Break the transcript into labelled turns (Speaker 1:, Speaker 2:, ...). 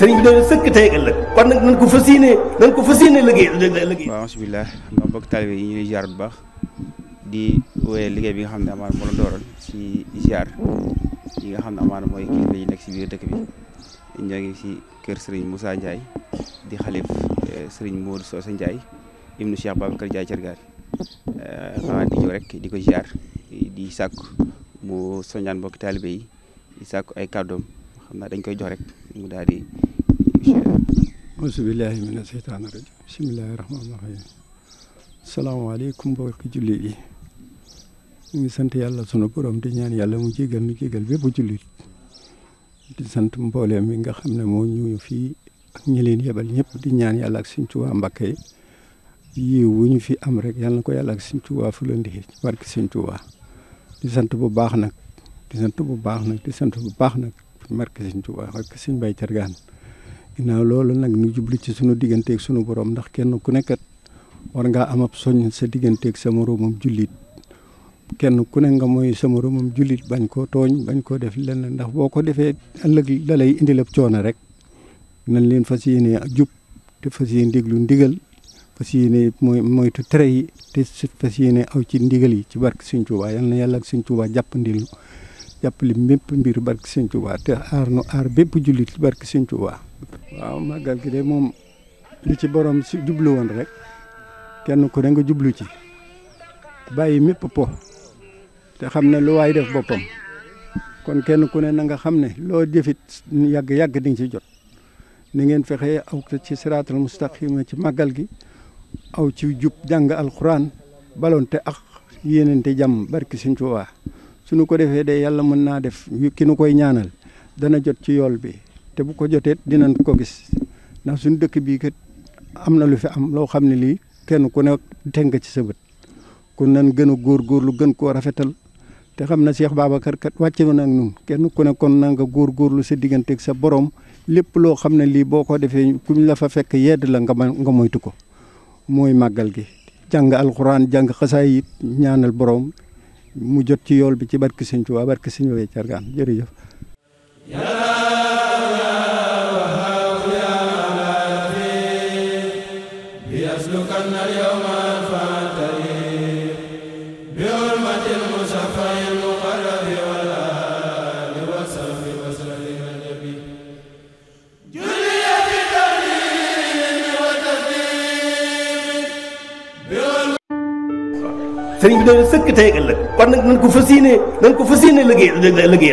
Speaker 1: sëriñ bi dañu sëkk tey ëllëg kon nag nañ ko mbokk taalibe yi ñu ngi ziar bu baax di wéyee liggéey bi nga xam ne amaana moo la dooral ci ziar nga xam ne amaana mooy nekk ci biir dëkk bi ñoo ngi ci kër sëriñ Moussa Ndiaye di xalif eh, sëriñ Modou Socé Ndiaye ibnu Cheikh Babacar Ndiaye Thiergar xanaa eh, di ñëw rek di ko ziar di sàkk mu soññaan mbokk taalibe yi sàkk ay kàddoom xam naa dañ koy jox rek mu daal di
Speaker 2: ausubillahi mina seytaani rajim bismillahi rahmaani rahim salaamaaleykum mbokki jullit yi sant yàlla sunu borom di ñaan yàlla mu jégal nu jégal bépp jullit di sant mbooleem mi nga xam ne moo ñu fii ak ñi leen yebal ñëpp di ñaan yàlla ak Sëñ Tuubaa Mbàkke fi am rek yàlla na ko yàlla ak Sëñ Tuubaa fu leen di ci baax nag di sant bu baax nag di sant bu baax nag barke Sëñ Tuubaa barke Sëñ Baay Cargaan ginnaaw loolu nag nu jublu ci sunu digganteeg sunu borom ndax kenn ku nekkat war ngaa am ab soññ sa digganteeg sa moroomam jullit kenn ku ne nga mooy sa moroomam jullit bañ koo tooñ bañ koo def lenn ndax boo ko defee ëllëg la lay indil ab coono rek nañ leen fas yéenee jub te fas yéene déglu ndigal fas ne mooy moytu tere yi te fas yéene aw ci ndigal yi ci barke Sëñ Tuubaa yal na yàlla ak Sëñ Tuubaa jàppandil jàppale mépp mbir barke Sëñ Tuubaa te aar nu aar bépp jullit barke Sëñ Tuubaa waaw màggal gi de moom li ci borom si jublu woon rek kenn ku ne nga jublu ci bàyyi mépp po te xam ne lu waay def boppam kon kenn ku ne na nga xam ne loo jëfit yàgg-yàgg di nga ci jot ni ngeen fexe aw ci siraatal mustaqima ci màggal gi aw ci jub jàng alxuraan balonte ak yéenente jàmm barki Sëñ Tuubaa nu ko defee de yàlla mën naa def ki nu koy ñaanal dana jot ci yool bi te bu ko jotee dinañ ko gis ndax suñu dëkk bii kat am na lu fi am loo xam ne lii kenn ku ne tënk ci sa bët kon nan gën a góorgóorlu gën koo rafetal te xam na Cheikh Babacar kat wàcce na kenn ku ne kon na nga góorgóorlu sa diggante sa borom lépp loo xam ne lii boo ko defee ku la fa fekk yedd la nga nga moytu ko mooy màggal gi jàng alxuraan jàng xasaayit ñaanal borom. mu jot ci yool bi ci barke Sëñ Tuubaa barke Sëñ Bébé Thiargane jërëjëf. يسلكن اليوم فاتي
Speaker 1: sëriñ bi dana sëkk tey ëllëg kon nag nañ ko fas yéenee nañ ko fas yéenee liggéey liggéey